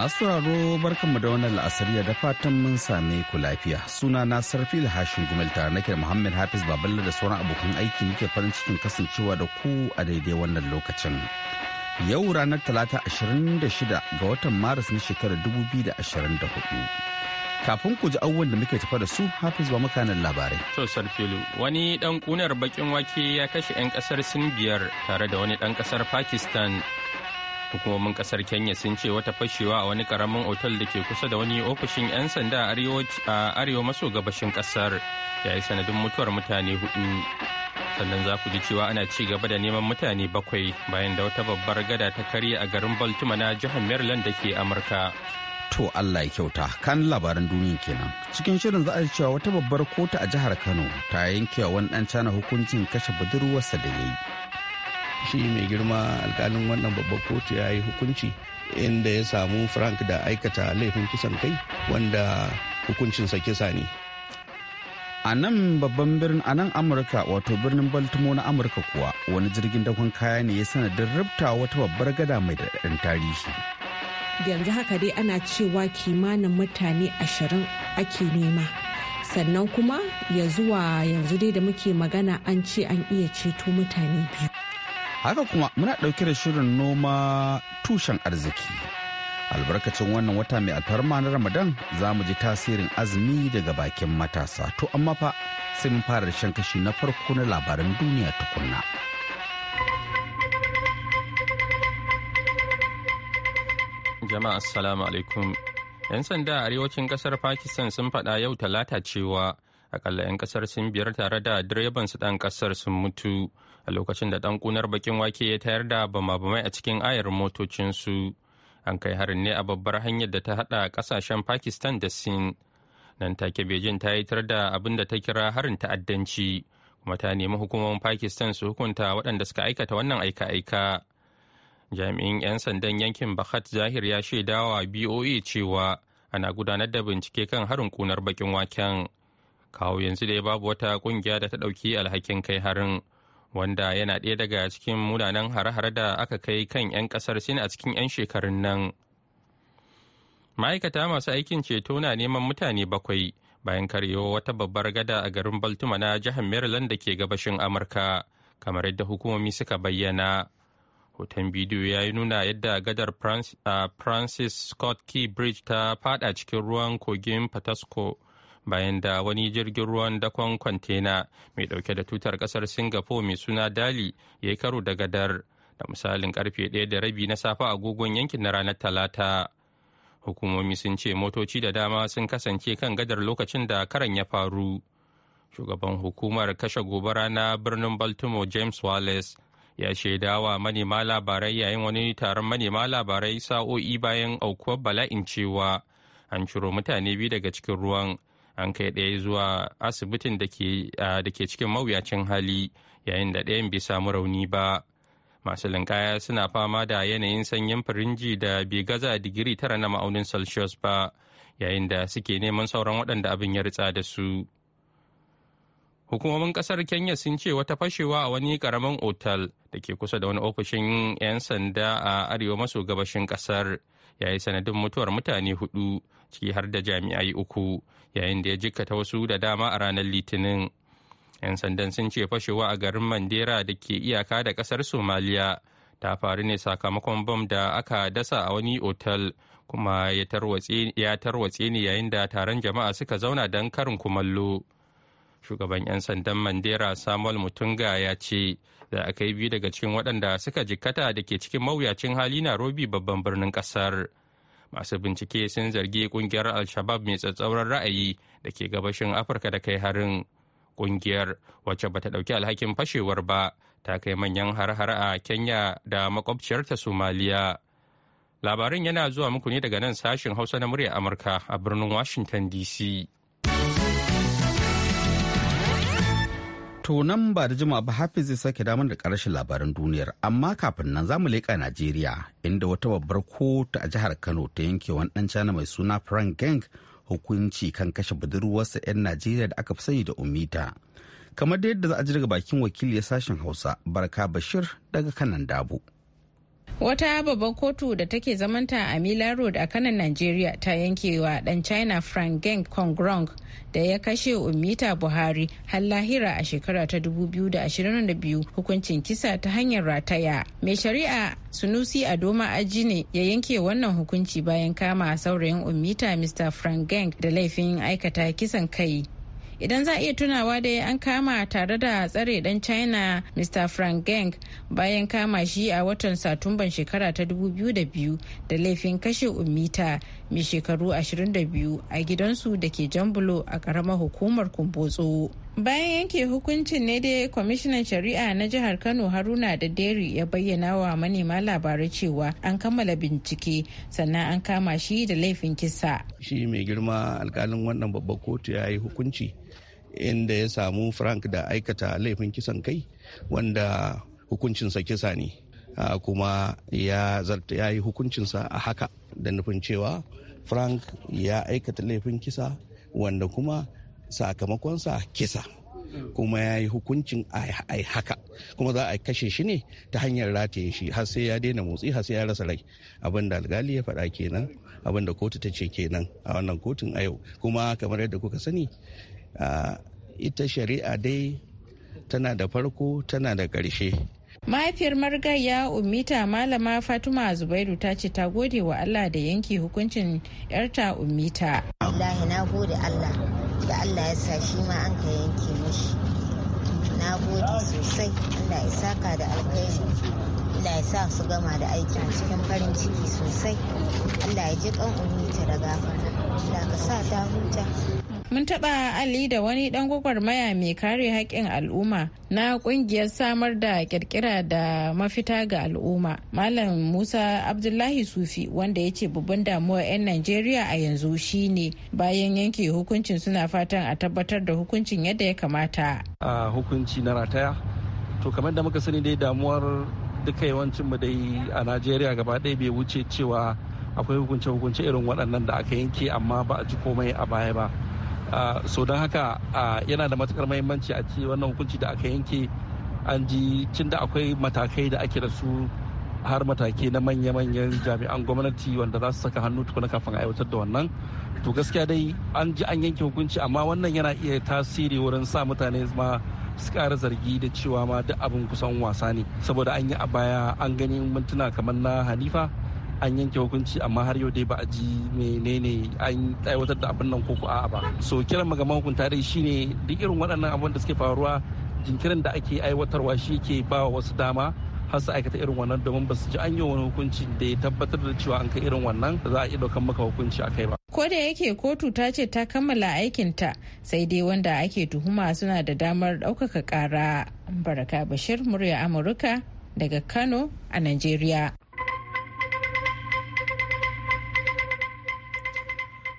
Masu sauraro barkanmu da wannan la'asariya da fatan mun same ku lafiya. Suna na da Hashin Gumel tare nake Muhammad Hafiz Baballe da sauran abokan aiki muke farin cikin kasancewa da ku a daidai wannan lokacin. Yau ranar Talata 26 ga watan Maris na shekarar 2024. kafin ku ji abubuwan da muke tafa da su hafiz ba makanan labarai. To Sarfilu, wani dan kunar bakin wake ya kashe 'yan kasar Sin biyar tare da wani dan kasar Pakistan hukumomin kasar kenya sun ce wata fashewa a wani karamin otal da ke kusa da wani ofishin 'yan sanda a arewa maso gabashin kasar ya yi sanadin mutuwar mutane hudu sannan za ku ji cewa ana ci gaba da neman mutane bakwai bayan da wata babbar gada ta karye a garin baltimore na jihar maryland da ke amurka To Allah ya kyauta kan labaran duniya kenan. Cikin shirin za a cewa wata babbar kota a jihar Kano ta yanke wa wani dan cana hukuncin kashe budurwarsa da ya yi. shi mai girma alkalin wannan babbar kotu ya yi hukunci inda ya samu frank da aikata laifin kisan kai wanda hukuncinsa kisa ne a nan babban birnin a nan amurka wato birnin baltimore na amurka kuwa wani jirgin dakon kaya ne ya sanadin rubta wata babbar gada mai daɗin tarihi yanzu haka dai ana cewa kimanin mutane ashirin ake nema sannan kuma ya zuwa yanzu dai da muke magana an ce an iya ceto mutane biyu haka kuma muna ɗauke da shirin noma tushen arziki albarkacin wannan wata mai alfarma na ramadan za mu ji tasirin azumi daga bakin matasa to amma fa sai mun fara da shan kashi na farko na labaran duniya tukunna jama'a assalamu alaikum 'yan sanda a arewacin kasar pakistan sun faɗa yau talata cewa akalla 'yan kasar sun biyar tare da direban su ɗan kasar sun mutu a lokacin da ɗan kunar bakin wake ya tayar da bama-bamai a cikin ayar motocinsu an kai harin ne a babbar hanyar da ta hada kasashen pakistan da sin nan take beijing ta yi tar da abin da ta kira harin ta'addanci kuma ta nemi hukumomin pakistan su hukunta waɗanda suka aikata wannan aika-aika jami'in 'yan sandan yankin bakat zahir ya shaidawa boe cewa ana gudanar da bincike kan harin kunar bakin waken kawo yanzu dai babu wata kungiya da ta ɗauki alhakin kai harin wanda yana ɗaya daga cikin munanan hare-hare da aka kai kan 'yan ƙasar sin a cikin 'yan shekarun nan ma'aikata masu aikin ceto na neman mutane bakwai bayan karyewa wata babbar gada a garin baltima na jihar maryland da ke gabashin amurka kamar yadda hukumomi suka bayyana hoton bidiyo ya yi nuna yadda gadar francis scott key bridge ta fada cikin ruwan kogin patasco bayan da wani jirgin ruwan dakon kwantena mai dauke da tutar kasar singapore mai suna dali ya yi karo da gadar da misalin karfe ɗaya da rabi na safa agogon yankin na ranar talata hukumomi sun ce motoci da dama sun kasance kan gadar lokacin da karan ya faru shugaban hukumar kashe gobara na birnin baltimore james wallace ya shaidawa manema labarai yayin wani taron manema labarai sa'o'i bayan aukuwar bala'in cewa an ciro mutane biyu daga cikin ruwan an kai ɗaya zuwa asibitin da ke cikin mawuyacin hali yayin da ɗayan bai samu rauni ba masu linkaya suna fama da yanayin sanyin firinji da bai gaza digiri tara na ma'aunin celsius ba yayin da suke neman sauran waɗanda abin ya ritsa da su hukumomin ƙasar kenya sun ce wata fashewa a wani karamin otal da ke kusa da wani ofishin 'yan sanda a arewa maso gabashin ƙasar yayi sanadin mutuwar mutane hudu ciki har da jami'ai uku yayin da ya jikkata wasu da dama a ranar litinin 'yan sandan sun ce fashewa a garin mandera da ke iyaka da kasar somaliya ta faru ne sakamakon bom da aka dasa a wani otal kuma ya tarwatse ne yayin da taron jama'a suka zauna don karin kumallo shugaban 'yan sandan mandera samuel mutunga ya ce za a kai biyu daga cikin waɗanda suka jikkata da ke cikin mawuyacin hali na babban birnin ƙasar masu bincike sun zargi kungiyar al-shabab mai tsatsauran ra'ayi da ke gabashin afirka da kai harin kungiyar wacce bata dauki alhakin fashewar ba ta kai manyan har-har a kenya da makwabciyarta somaliya labarin yana zuwa muku ne daga nan sashen hausa na murya amurka a birnin washington dc To nan ba da jima ba hafi zai sake damar da ƙarshen labaran duniyar amma kafin nan zamu leƙa Najeriya inda wata babbar kotu a jihar Kano ta yanke wani ɗan cana mai suna Frank Geng hukunci kan kashe budurwarsa 'yan Najeriya da aka fi sani da Umita. Kamar da yadda za a ji daga bakin wakili ya sashen Hausa Barka Bashir daga kanan dabu Wata babban kotu da take zamanta a Mila Road a kanan Najeriya ta yankewa dan China Frank Geng Kongrong da ya kashe Umita Buhari har lahira a shekara ta 2022 hukuncin kisa ta hanyar rataya. Mai shari'a Sunusi Adoma Aji ne ya yanke wannan hukunci bayan kama saurayin Umita Mr. Frank Geng da laifin aikata kisan kai. idan za a iya tunawa dai an kama tare da tsare dan china mr frank geng bayan kama shi a watan satumban shekara ta 2002 da laifin kashe umita mai shekaru 22 a gidansu da ke jambulo a karamar hukumar kumbotso bayan yanke hukuncin ne dai kwamishinan shari'a na jihar kano haruna da deri ya bayyana wa manema labarai cewa an kammala bincike sannan an kama shi da laifin kisa shi mai girma alkalin wannan babbar kotu ya yi hukunci inda ya samu frank da aikata laifin kisan kai wanda hukuncinsa kisa ne kuma ya ya yi hukuncinsa a haka da nufin cewa frank ya aikata laifin kisa wanda kuma sakamakonsa kisa kuma ya yi hukuncin a haka kuma za a kashe shi ne ta hanyar rataye shi har sai ya daina motsi har sai ya rasa rai abin da alkali ya faɗa kenan abin da kotu ta ce kenan a wannan kotun a yau kuma kamar yadda kuka sani ita shari'a dai tana da farko tana da ƙarshe mahaifiyar marigayya umita malama fatima zubairu ta ce ta gode wa allah da yanke hukuncin yarta umita wallahi na gode allah da allah ya sa shi ma an ka yanke mishi na gode sosai allah ya saka da alkhairi allah ya sa su gama da aiki cikin farin ciki sosai allah ya ji kan umita da gafara allah ka sa ta huta Mun taɓa Ali da wani ɗan gwagwarmaya mai kare haƙƙin al'umma na ƙungiyar samar da ƙirƙira da mafita ga al'umma. Malam Musa Abdullahi Sufi wanda ya ce babban damuwar 'yan Najeriya a yanzu shine bayan yanke hukuncin suna fatan a tabbatar da hukuncin yadda ya kamata. A hukunci na rataya. To kamar da muka sani dai damuwar duka yawancin mu dai a Najeriya gaba ɗaya bai wuce cewa akwai hukunce-hukunce irin waɗannan da aka yanke amma ba a ji komai a baya ba. Ah, so don haka ah, yana da matukar mahimmanci a ce wannan hukunci da aka yanke an ji cin da akwai matakai da ake da su har matakai na manya-manyan jami'an gwamnati wanda za su saka hannu tukuna kafin aiwatar da wannan to gaskiya dai an ji an yanke hukunci amma wannan yana iya tasiri wurin sa mutane ma su kara zargi da cewa ma duk abin kusan wasa ne saboda an yi a baya an gani mintuna kamar na hanifa an yanke hukunci amma har yau dai ba a ji menene an aiwatar da abin nan ko a'a ba so kiran magaman hukunta dai shine duk irin waɗannan abin da suke faruwa jinkirin da ake aiwatarwa shi ke ba wasu dama har su aikata irin wannan domin ba su ji an yi wani hukunci da ya tabbatar da cewa an kai irin wannan da za a iya kan maka hukunci a ba. Ko da yake kotu ta ce ta kammala aikinta sai dai wanda ake tuhuma suna da damar ɗaukaka ƙara. Baraka Bashir murya Amurka daga Kano a Najeriya.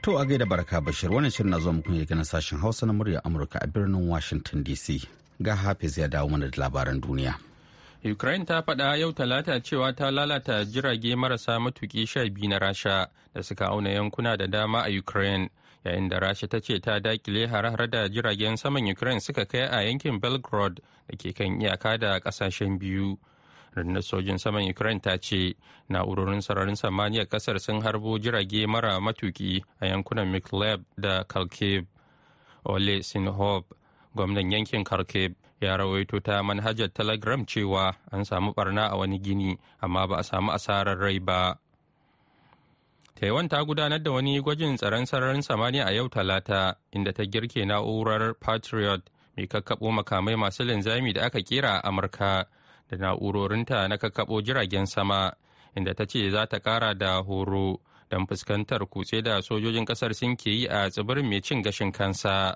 To a gaida baraka bashir wannan shirin na zuwa muku ne na sashen Hausa na murya Amurka a birnin Washington DC. Ga Hafiz ya dawo mana da labaran duniya. Ukraine ta faɗa yau talata cewa ta lalata jirage marasa matuƙi sha biyu na Rasha da suka auna yankuna da dama a Ukraine. Yayin da Rasha ta ce ta dakile hare-hare da jiragen saman Ukraine suka kai a yankin belgrade da ke kan iyaka da ƙasashen biyu. rundunar sojin saman ukraine ta ce na'urorin sararin samaniyar kasar sun harbo jirage mara matuki a yankunan mikleb da kharkiv ole sinhob gwamnan yankin kharkiv ya rawaito ta manhajar telegram cewa an samu barna a wani gini amma ba a samu asarar rai ba taiwan ta gudanar da wani gwajin tsaron sararin samaniya a yau talata inda ta girke na'urar patriot mai kakkaɓo makamai masu linzami da aka kera a amurka da na'urorinta na kakkaɓo jiragen sama inda ta ce za ta kara da horo don fuskantar kutse da sojojin kasar sun ke yi a tsibirin mai cin gashin kansa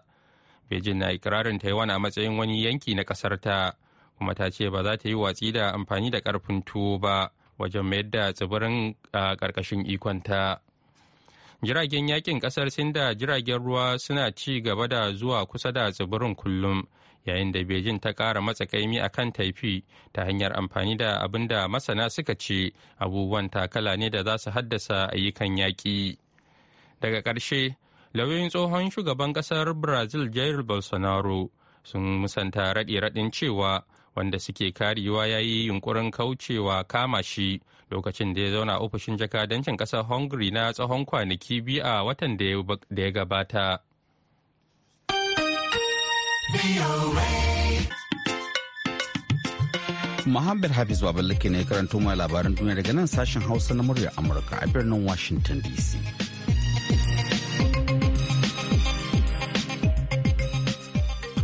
beijing na ikirarin taiwan a matsayin wani yanki na ƙasarta kuma ta ce ba za ta yi watsi da amfani da karfin tuwo ba wajen mayar da tsibirin a ƙarƙashin ikonta. jiragen yakin kasar sin da jiragen ruwa suna ci gaba da zuwa kusa da tsibirin kullum yayin da beijing ta ƙara kaimi a kan taifi ta hanyar amfani da abin da masana suka ce abubuwan takala ne da za su haddasa ayyukan yaƙi daga ƙarshe lauyoyin tsohon shugaban ƙasar brazil jair bolsonaro sun musanta raɗi raɗin cewa wanda suke karewa ya yi yunƙurin kaucewa kama shi lokacin da ya zauna ofishin jakadancin ƙasar hungary na tsawon kwanaki biyu a watan da ya gabata. Muhammad Hafiz Babalike ne karanto mai labaran duniya daga nan sashen Hausa na muryar Amurka a birnin Washington DC.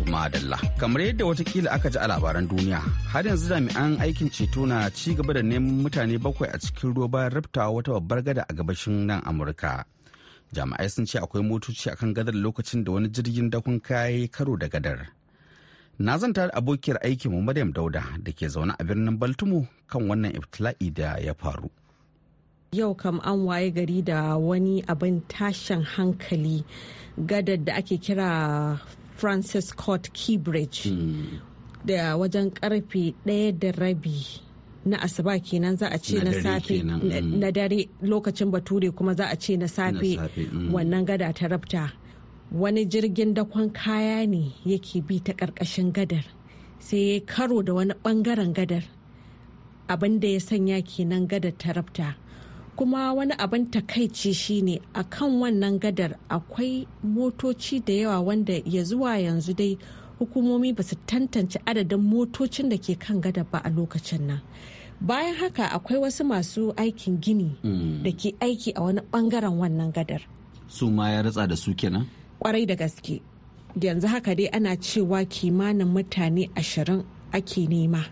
Madalla. Kamar yadda watakila aka ji a labaran duniya, har yanzu jami'an aikin ceto na ci gaba da neman mutane bakwai a cikin ruwa bayan raftawa wata babbar gada a gabashin nan Amurka. jami'ai sun ce akwai motoci akan gadar lokacin da wani jirgin dakon kaya karo da gadar na zanta da abokiyar aikinmu maryam dauda da ke zaune a birnin baltimo kan wannan iftila'i da ya faru yau kam an waye gari da wani abin tashin hankali gadar da ake kira francis scott key bridge hmm. da wajen karfe 1 da rabi na asuba kenan za a ce na safe mm. na dare lokacin bature kuma za a ce na safe mm. wannan gada ta rabta wani jirgin dakon kaya ne yake bi ta karkashin gadar sai ya karo da wani ɓangaren gadar abin da ya sanya kenan gadar ta rabta kuma wani abin takaici shine a kan wannan gadar akwai motoci da yawa wanda ya zuwa yanzu dai hukumomi ba su tantance adadin motocin da ke kan gada ba a lokacin nan bayan haka akwai wasu masu aikin gini mm. da ke aiki a wani bangaren wannan gadar su ma ya ratsa da su kenan kwarai da gaske yanzu haka dai ana cewa kimanin mutane ashirin ake nema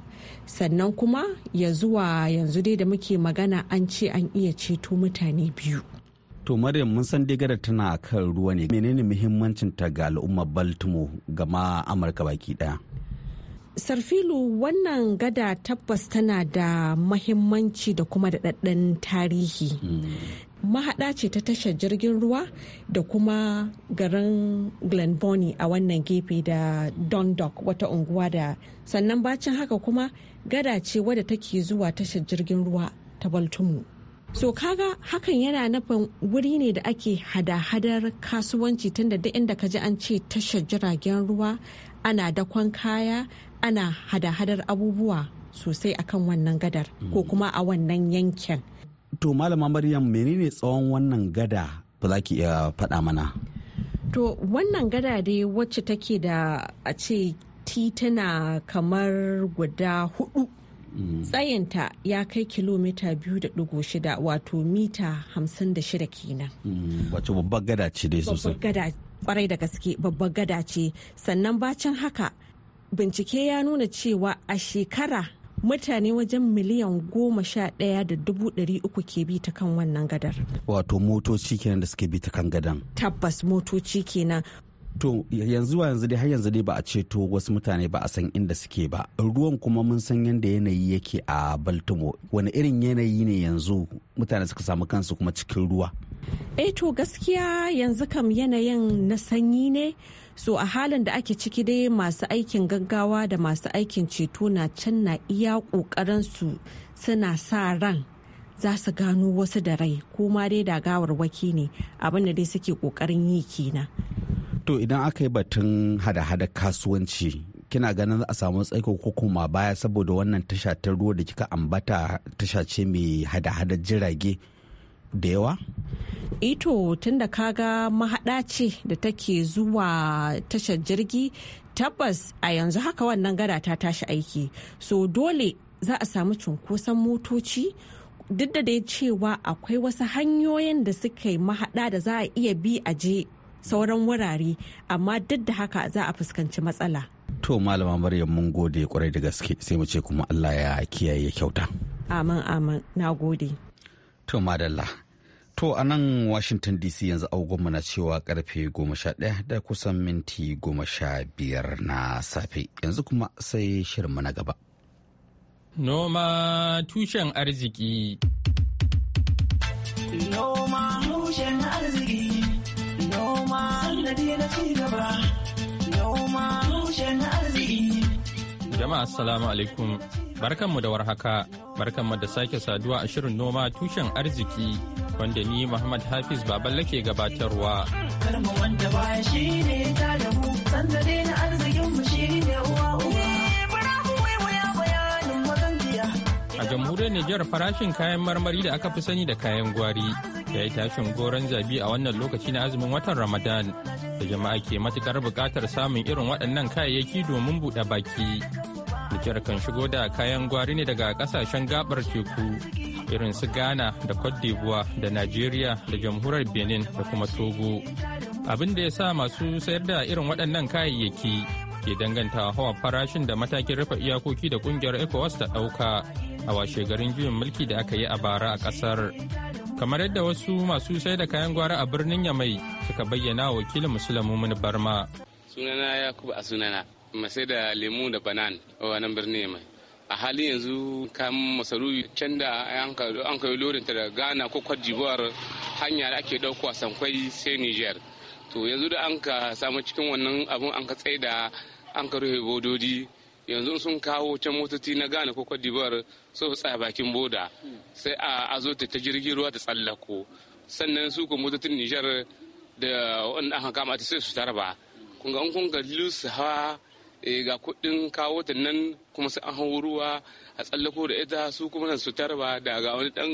sannan kuma ya zuwa yanzu dai da muke magana an ce an iya ceto mutane biyu to maryam mun san gada tana kan ruwa ne menene muhimmancin ta ga al'ummar baltimore gama amurka baki daya sarfilu wannan gada tabbas tana da mahimmanci da kuma daɗaɗɗen tarihi hmm. mahaɗa ce ta tashar jirgin ruwa da kuma garin glenbony a wannan gefe da dundalk wata unguwa da sannan bacin haka kuma gada ce wadda take zuwa tashar jirgin ruwa ta baltimore So kaga hakan yana nufin wuri ne da ake hada-hadar kasuwanci tunda duk inda ka ji an ce tashar jiragen ruwa ana dakon kaya ana hada-hadar abubuwa sosai akan wannan gadar ko hmm. kuma a wannan yankin. To malama Maryam menene tsawon wannan gada ba za ki iya faɗa mana? To wannan gada dai wacce take da a ce tituna kamar guda hudu Mm. tsayinta ya kai kilomita 2.6 wato mita 56 kenan. Mm. wato babbar gada ce dai sosai babbar gada kwarai da gaske babbar gada ce sannan bacin haka bincike ya nuna cewa a shekara mutane wajen miliyan goma sha ɗaya da dubu ɗari uku ke bi ta kan wannan gadar. Wato motoci kenan da suke bi ta kan gadan. Tabbas motoci kenan to yanzu yanzu dai har yanzu dai ba a ceto wasu mutane ba a san inda suke ba ruwan kuma mun san yadda yanayi yake a baltimore wani irin yanayi ne yanzu mutane suka samu kansu kuma cikin ruwa eh to gaskiya yanzu kam yanayin na sanyi ne so a halin da ake ciki dai masu aikin gaggawa da masu aikin ceto na can na iya kokarin su suna sa ran za su gano wasu da rai ko ma dai da gawarwaki ne abin da dai suke kokarin yi kenan to idan aka yi batun hada-hada kasuwanci kina ganin za a samu tsaiko ko kuma baya saboda wannan tasha ta ruwa da kika ambata tasha ce mai hada-hada jirage da yawa? ito eh tunda kaga mahaɗa ce da take zuwa tashar jirgi tabbas a yanzu haka wannan gada ta tashi aiki so dole za a samu cunkoson motoci duk da dai cewa akwai wasu hanyoyin da suka yi mahaɗa da za a iya bi a je sauran wurare amma duk da haka za a fuskanci matsala. To malama Maryam mun gode kwarai da gaske sai mu ce kuma Allah ya kiyaye kyauta. Amin amin na gode. To madalla. To a nan Washington DC yanzu agogon na cewa karfe goma ɗaya da kusan minti goma sha biyar na safe yanzu kuma sai shirinmu na gaba. Noma tushen arziki. No. Assalamu alaikum. Barkanmu da warhaka. Barkanmu da sake saduwa a shirin noma tushen arziki wanda ni Muhammad Hafiz Baballe ke gabatarwa. A jamhuriyar Nijar farashin kayan marmari da aka fi sani da kayan gwari ya yi tashin goron zabi a wannan lokaci na azumin watan Ramadan da jama'a ke matukar buƙatar samun irin waɗannan kayayyaki domin buɗe baki. Nijar kan shigo da kayan gwari ne daga kasashen gabar teku irin su Ghana da Cote d'Ivoire da Najeriya da jamhuriyar Benin da kuma Togo. Abin da ya sa masu sayar da irin waɗannan kayayyaki ke danganta hawa farashin da matakin rufe iyakoki da kungiyar ECOWAS ta ɗauka a garin juyin mulki da aka yi a bara a ƙasar. kamar yadda wasu masu sai da kayan gwara a birnin yamai suka bayyana wakilin musulmin barma sunana yakubu a sunana masai da lemu da banan a wannan birni mai a halin yanzu kan masarufi can da an kai lorinta da ghana ko cote d'ivoire hanya da ake a sankwai sai niger to yanzu da an ka samu cikin wannan abun an ka tsaida an ka rufe bododi yanzu sun kawo can motoci na ghana ko cote d'ivoire su tsaya bakin boda sai a zo ta jirgin ruwa ta tsallako sannan su ko motocin niger da wanda aka kama ta sai su tarba kun ga kun ga hawa Eh, ga kuɗin kawo ta nan kuma su an ruwa a tsallako da ita su kuma nan su tarba da ga wani dan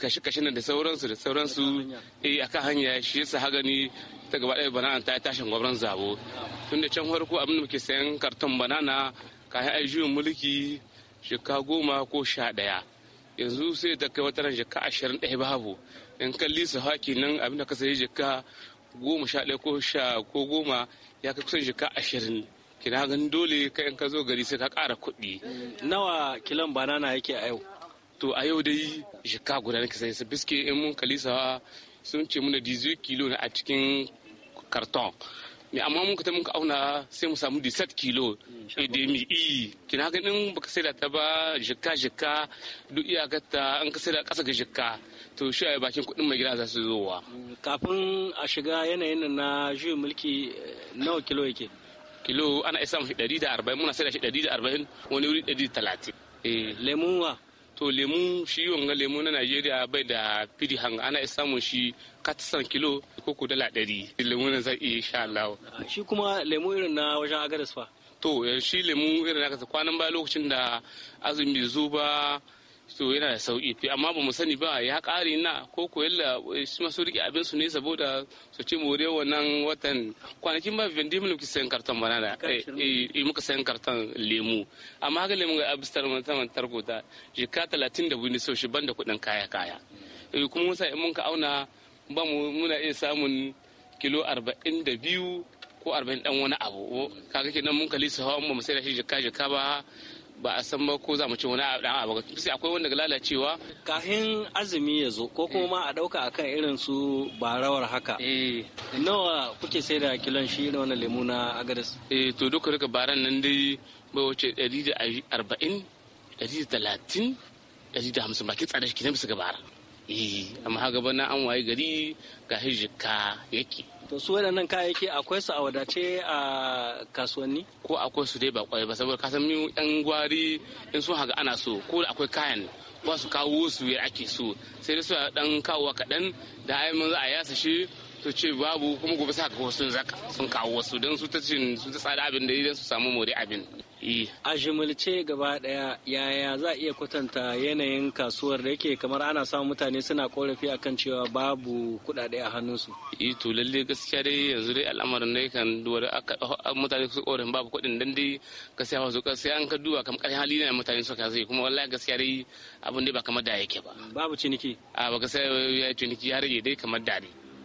kashe-kashe da sauransu da sauransu eh kan hanya shi yasa hagani ta gaba ɗaya banana ta tashin gwabran zabo tun da can farko abin da muke sayan karton banana ka kayan ayyukan mulki shekka goma ko sha ɗaya yanzu sai ta kai wata shekka ashirin ɗaya babu in kalli su haki nan abin da ka sayi shekka goma sha ɗaya ko sha ko goma ya kai kusan shekka ashirin kina ganin dole ka in ka zo gari sai ka ƙara kuɗi nawa kilan banana yake a yau to a yau dai shika guda nake sai biske in mun kalisa sun ce muna 18 kilo a cikin karton mai amma mun kuta muka auna sai mu samu set kilo mi eh, i kina ganin baka sai da ta ba jikka jikka duk iya ta an ka sai da kasa ga jikka to shi a bakin kudin mai gida za su zo wa. kafin a shiga yanayin na juyin mulki eh, nawa kilo yake kilo ana isa mashi ɗari da arba'in muna saida shi ɗari da arba'in wani wuri ɗari da talatin. Eh, eh. lemun wa to lemu shi wanga lemu na Najeriya bai da fidi hanga ana isa mun shi katsan kilo ko ku dala ɗari lemu na zai iya sha Allah. Shi kuma lemu irin na wajen agadas fa. To eh, shi lemu irin na kasa kwanan ba lokacin da azumi zuba to yana da sauki to amma ba mu sani ba ya ƙari na ko ko yalla eh, su masu rike abin su ne saboda su mu rewa nan watan kwanakin ba vendi mun sayan karton banana eh, eh, eh muka sayan karton lemu amma haka lemu ga abistar mun saman tarko ta jika 30 da wani so shi banda kuɗin kaya kaya kuma mun sai mun ka auna ba mu muna iya samun kilo 42 ko 40 dan wani abu kaga kenan mun kalisa hawa mu sai da shi jika jika ba ba a san ba ko za mu ci wani dan abu sai akwai wanda lalacewa kafin azumi ya zo ko kuma a dauka akan irin su barawar haka eh nawa kuke sai da kilon shi na wannan lemu na agadas eh to duka duka baran nan dai bai wuce 140 130 150 baki tsada shi kenan bisa ga bara eh amma haka na an waye gari ga hijika yake to su waɗannan kayayyaki akwai su a wadace a kasuwanni ko akwai su dai ba kwai ba saboda kasan mu yan gwari in sun haga ana so ko akwai kayan ba su kawo su ya ake so sai dai su dan kawo kaɗan da ai mun za a yasa shi su ce babu kuma gobe sa ka wasu zaka sun kawo wasu don su ta cin su ta tsada abin da idan su samu more abin eh. a jimilce gaba daya yaya za a iya kwatanta yanayin kasuwar da yake kamar ana samun mutane suna korafi akan cewa babu kudade a hannunsu yi eh to lalle gaskiya dai yanzu dai al'amarin ne kan duwar mutane su korafi babu kudin dan dai gaskiya ba su gaskiya an ka duba kamar karshen hali ne mutane suka zai kuma wallahi gaskiya dai abin dai ba kamar da yake ba babu ciniki a ba gaskiya ya ciniki ya rage dai kamar da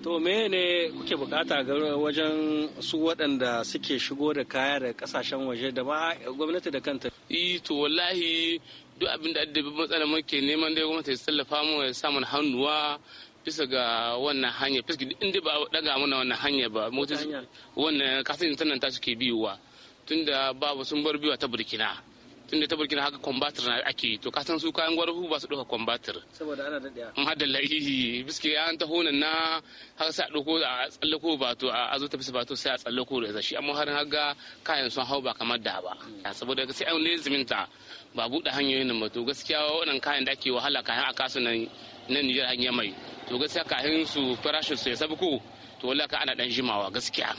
To ne kuke bukata wajen su waɗanda suke shigo da kaya da kasashen waje da ba gwamnati da kanta? yi e, to wallahi duk abin da addabi matsala muke neman dai gwamnati ta tsallafa mu ya samu hannuwa bisa ga wannan hanya fiski inda ba daga mana wannan hanya ba motoci wannan kasan intanet ta suke biyuwa tunda babu sun bar biyuwa ta burkina. tunda ta burkina haka kwambatar na ake to ka san su kayan gwarhu ba su ɗauka kwambatar saboda ana daɗiya in hadda lahihi biske an taho nan na haka sai a ɗauko a tsallako ba to a zo ta bisa ba to sai a tsallako da shi amma har haka kayan sun hau ba kamar da ba saboda sai an lezimin ta ba buɗe hanyoyin nan ba to gaskiya waɗannan kayan da ake wahala kayan a kasu nan na Nijar hanyar mai to gaskiya kayan su farashin su ya ko to wallahi ka ana dan jimawa gaskiya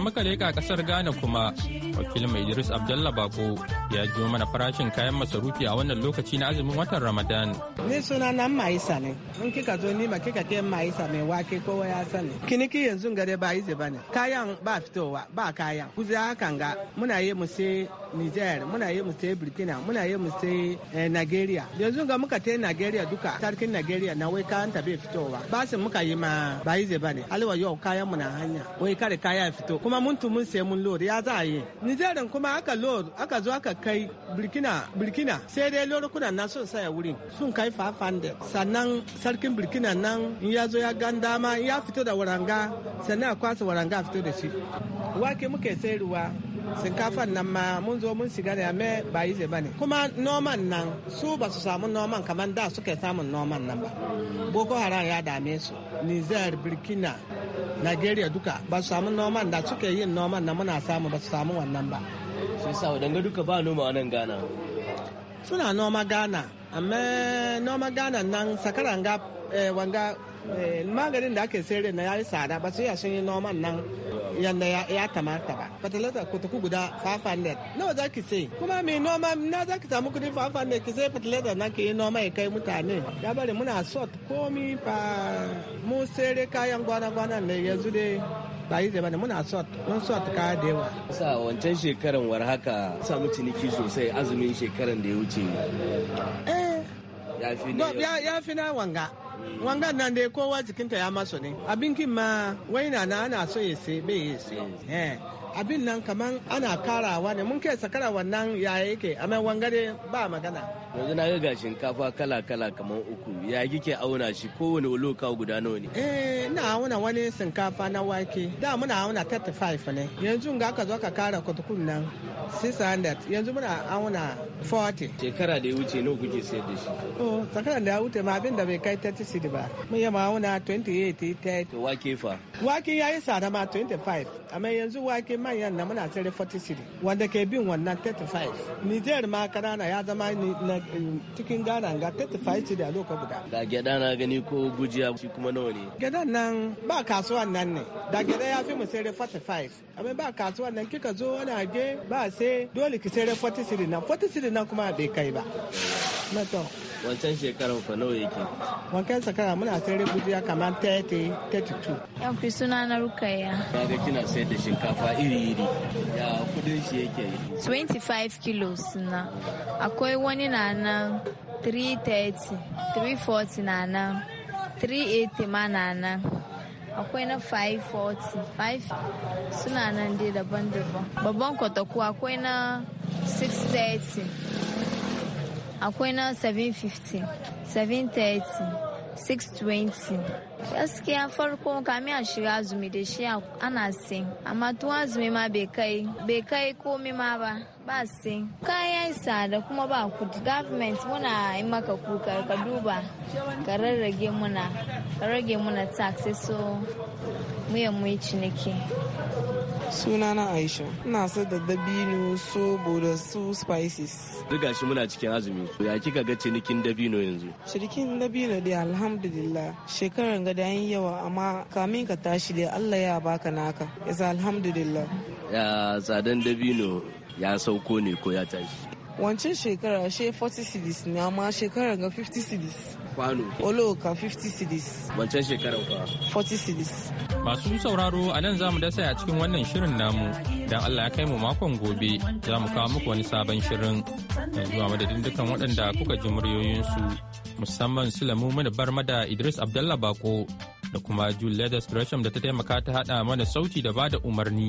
idan muka leƙa kasar Ghana kuma wakil mai Idris Abdallah Bako ya jiyo mana farashin kayan masarufi a wannan lokaci na azumin watan Ramadan. Ni suna nan Maisa ne. In kika zo ni ma kika ke Maisa mai wake kowa ya sani. Kiniki yanzu gare ba ize bane. Kayan ba fitowa ba kayan. Kuzi haka ga muna yi mu sai Niger, muna yi mu sai Burkina, muna yi mu sai eh, Nigeria. Yanzu ga muka ta Nigeria duka sarkin Nigeria na wai kayan ta bai fitowa. su muka yi ma ba ize bane. Alwa yau kayan mu na hanya. Wai kare kaya fito. kuma mun mun sai mun lor ya za a yi nijerin kuma aka lor aka zo aka kai burkina burkina sai dai lorukuna na sun saya wuri sun kai 500 sannan sarkin burkina nan in ya zo ya gan dama ya fito da waranga sannan a kwasa waranga fito da shi wake muke sayarwa shinkafan nan ma mun zo mun shiga ne amma ba yi ba ne kuma noman nan su ba su samu noman kamar da suke samun noman nan ba boko haram ya dame su niger burkina nigeria duka ba su samu noman da suke yin noman nan muna samu ba su samu wannan ba sun sa wadanga duka ba noma nan Gana. suna noma Gana amma noma Gana nan sakaran ga eh, wanga eh, maganin da ake sere na yi tsada ba su iya sun yi noman nan yanda ya kamata ba fertilizer kutuku guda 500 nawa za ki sai kuma mai noma na za ki samu kudi 500 ki sai fertilizer na ki yi noma ya kai mutane ya bari muna sort komi ba mu sere kayan gwana-gwana ne yanzu dai ba yi zai bane muna sort mun sort ka da yawa sa wancan shekaran war haka samu ciniki sosai azumin shekaran da ya wuce eh ya fi na wanga wangan nan dai kowa ya maso ne ma wai na ana so ya be bai ya abin nan kaman ana karawa ne mun kai sakara wannan yaya yake amma wangare ba magana yanzu na ga shinkafa kala kala kaman uku ya kike auna shi kowane oloka guda nawa ne eh na auna wani shinkafa na wake da muna auna 35 ne yanzu ga ka zo ka kara kutukun nan 600 yanzu muna auna 40 shekara da ya wuce nawa kuke sayar da shi oh sakara da ya wuce ma abin da bai kai 30 ba mun yi ma auna 28 30 wake fa wake yayi sarama 25 amma yanzu wake manyan na muna cire 43 wanda ke bin wannan 35 niger ma kanana ya zama cikin gana ga 35 ce da loka guda ga gyada na gani ko gujiya shi kuma nawa ne gyada nan ba kasuwan nan ne da gyada ya fi mu cire 45 amma ba kasuwan nan kika zo wani hage ba sai dole ki cire 43 na 43 na kuma bai kai ba na to wancan shekarar fa nawa yake wancan shekara muna sai ribujiya kamar 30 32 yan fi suna na rukaya ya ga kina sai da shinkafa iri iri ya kudin shi yake 25 kilos na akwai wani na nan 330 340 na nan 380 ma na nan akwai na 540 5 suna nan dai daban-daban babban kwatakwa akwai na 630 akwai na 750 730 620 gaskiya farko kami a shiga azumi da shi ana sin amma tun azumi ma bai kai bai kai komi ma ba ba sin kayan isa da kuma ba kudi government muna yi maka kuka ka duba ka rarrage muna ka rage muna taxi so mu yi ciniki sunana aisha ina so da dabino sobo da su spices riga shi muna cikin azumi ya kika ga cinikin dabino yanzu cinikin dabino dai alhamdulillah Shekarar ga dayan yawa amma kamin ka tashi dai allah ya baka naka yasa alhamdulillah ya tsadan dabino ya sauko ne ko ya tashi wancan shekara she 40 cities ne amma shekarar ga 50 cities kwano oloka 50 cities wancan shekara fa 40 cities masu sauraro a nan zamu dasa a cikin wannan shirin namu dan Allah ya kai mu makon gobe za mu kawo muku wani sabon shirin yanzu a madadin dukan waɗanda kuka ji muryoyinsu musamman Sulamu Mini Barma da Idris Abdallah Bako da kuma Julia Gresham da ta taimaka ta haɗa mana sauti da bada umarni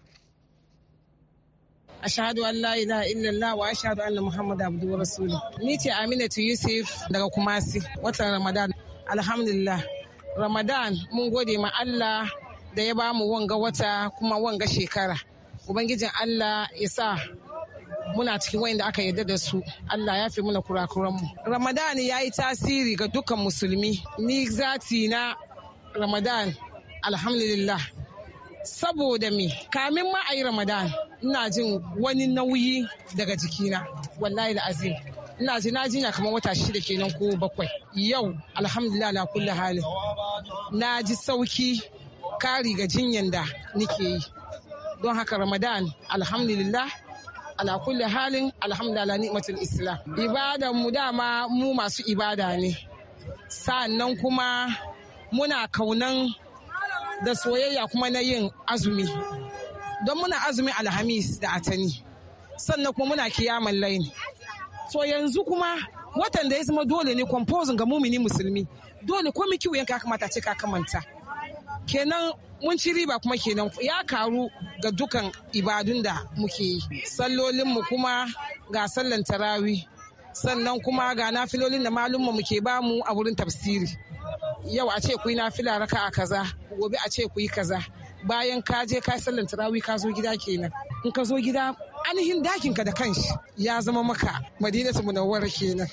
A an la ilaha illallah wa ashhadu anna muhammadu abduhu rasuluhu ni ce aminatu yusuf daga kumasi watan ramadan alhamdulillah ramadan mun gode ma allah da ya bamu wanga wata kuma wanga shekara ubangijin allah ya sa muna cikin wayanda aka yarda da su Allah ya fi muna kurakuranmu ramadan ya yi tasiri ga dukkan musulmi ni zati na ramadan alhamdulillah saboda me kamin ma a yi ramadan ina jin wani nauyi daga jikina wallahi azim ina ji na jina kamar wata shida kenan ko bakwai yau alhamdulillah na kulle hali na ji sauki kari ga jinyan da nike yi don haka ramadan alhamdulillah ala kulle halin alhamdulillah ni'matul islam ibadan mu dama mu masu ibada ne sa'annan kuma muna kaunan da soyayya kuma na yin azumi don muna azumi alhamis da atani sannan kuma muna kiyaman laini so yanzu kuma watan da ya zama dole ne composing ga mumini musulmi dole ko miki ka kamata ce ka kamanta kenan mun ci riba kuma kenan ya karu ga dukan ibadun da muke yi sallolinmu kuma ga sallan tarawi sannan kuma ga nafilolin da malumma muke bamu a wurin tafsiri yau a ce ku yi nafila raka a kaza gobe a ce ku kaza bayan ka je ka sallan tarawi ka zo gida kenan in ka zo gida ainihin dakin ka da kanshi ya zama maka madinatu munawwara kenan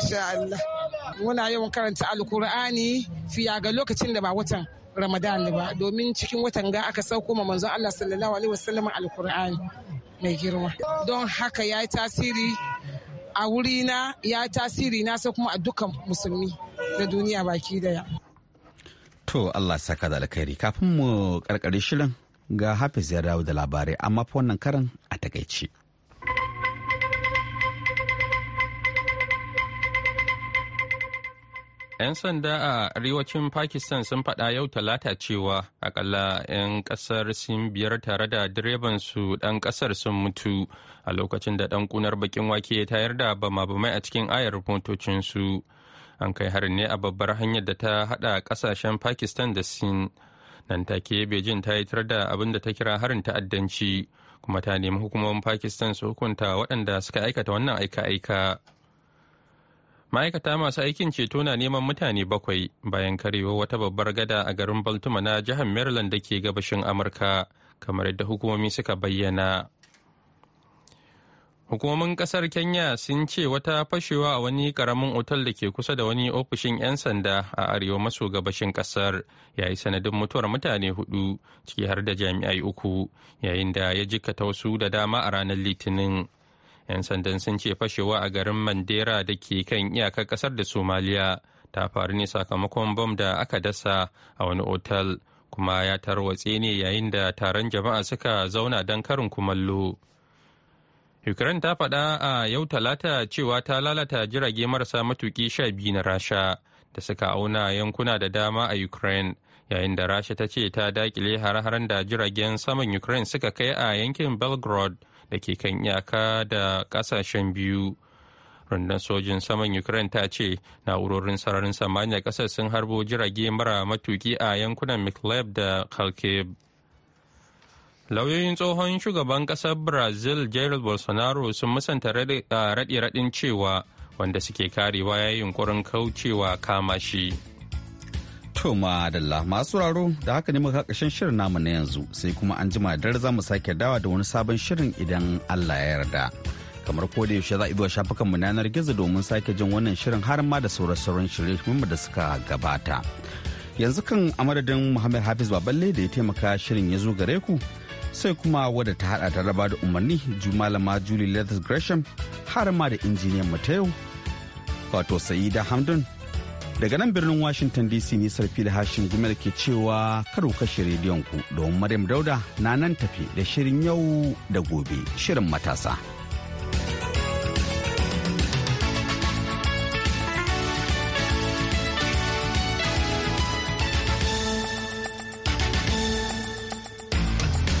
insha Allah muna yawan karanta alkur'ani fiya ga lokacin da ba watan ramadan ba domin cikin watan ga aka sauko ma manzon Allah sallallahu alaihi wasallam alkur'ani mai girma don haka yayi tasiri a wurina ya tasiri na sai kuma a dukkan musulmi da duniya baki daya. To Allah saka da alkhairi kafin mu karkare shirin ga Hafiz ya dawo da labarai amma fa wannan karan a takaice. 'Yan sanda a arewacin Pakistan sun faɗa yau talata cewa akalla 'yan ƙasar sun biyar tare da direban su ɗan ƙasar sun mutu a lokacin da ɗan ƙunar bakin wake ya tayar da bama-bamai a cikin ayar motocinsu. An kai harin ne a babbar hanyar da ta haɗa ƙasashen Pakistan da Sin. Nan take Beijing ta yi da abin da ta kira harin ta'addanci, kuma ta nemi hukumomin Pakistan su hukunta waɗanda suka aikata wannan aika-aika. ma'aikata masu aikin ceto na neman mutane bakwai bayan karewa wata babbar gada a garin baltima na jihar maryland da ke gabashin amurka kamar yadda hukumomi suka bayyana hukumomin kasar kenya sun ce wata fashewa a wani karamin otal da ke kusa da wani ofishin 'yan sanda a arewa maso gabashin kasar ya yi sanadin mutuwar mutane hudu ciki har da jami'ai uku yayin da ya jikata wasu da dama a ranar litinin 'yan sandan sun ce fashewa a garin mandera da ke kan iyakar kasar da somaliya ta faru ne sakamakon bom da aka dasa a wani otal kuma ya tarwatse ne yayin da taron jama'a suka zauna don karin kumallo ukraine ta faɗa a yau talata cewa ta lalata jirage marasa matuki sha biyu na rasha da suka auna yankuna da dama a ukraine yayin da rasha ta ce ta dakile har-haren da jiragen saman ukraine suka kai a yankin belgrade da ke kan iyaka da kasashen biyu rundun sojin saman ukraine ta ce na'urorin sararin samaniya kasar sun harbo jirage mara matuki a yankunan mcleod da kharkiv lauyoyin tsohon shugaban kasar brazil jair bolsonaro sun musanta raɗe-raɗin cewa wanda suke karewa ya yi yunkurin kaucewa kama shi. To madalla masu raro da haka ne muka ƙarshen shirin namu na yanzu sai kuma an jima dare za mu sake dawa da wani sabon shirin idan Allah ya yarda. Kamar ko da yaushe za a zuwa shafukan mu yanar gizo domin sake jin wannan shirin har ma da sauran sauran shirye mu da suka gabata. Yanzu kan a madadin Muhammad Hafiz Baballe da ya taimaka shirin ya zo gare ku sai kuma wadda ta hada ta raba da umarni Jumalama Julie Leathers Gresham har ma da injiniyan mu ta yau wato Sa'ida Hamdun Daga nan birnin Washington DC ne sarfi da hashin gumel ke cewa karo kashe rediyon ku domin Maryam Dauda na nan tafi da shirin yau da gobe shirin matasa.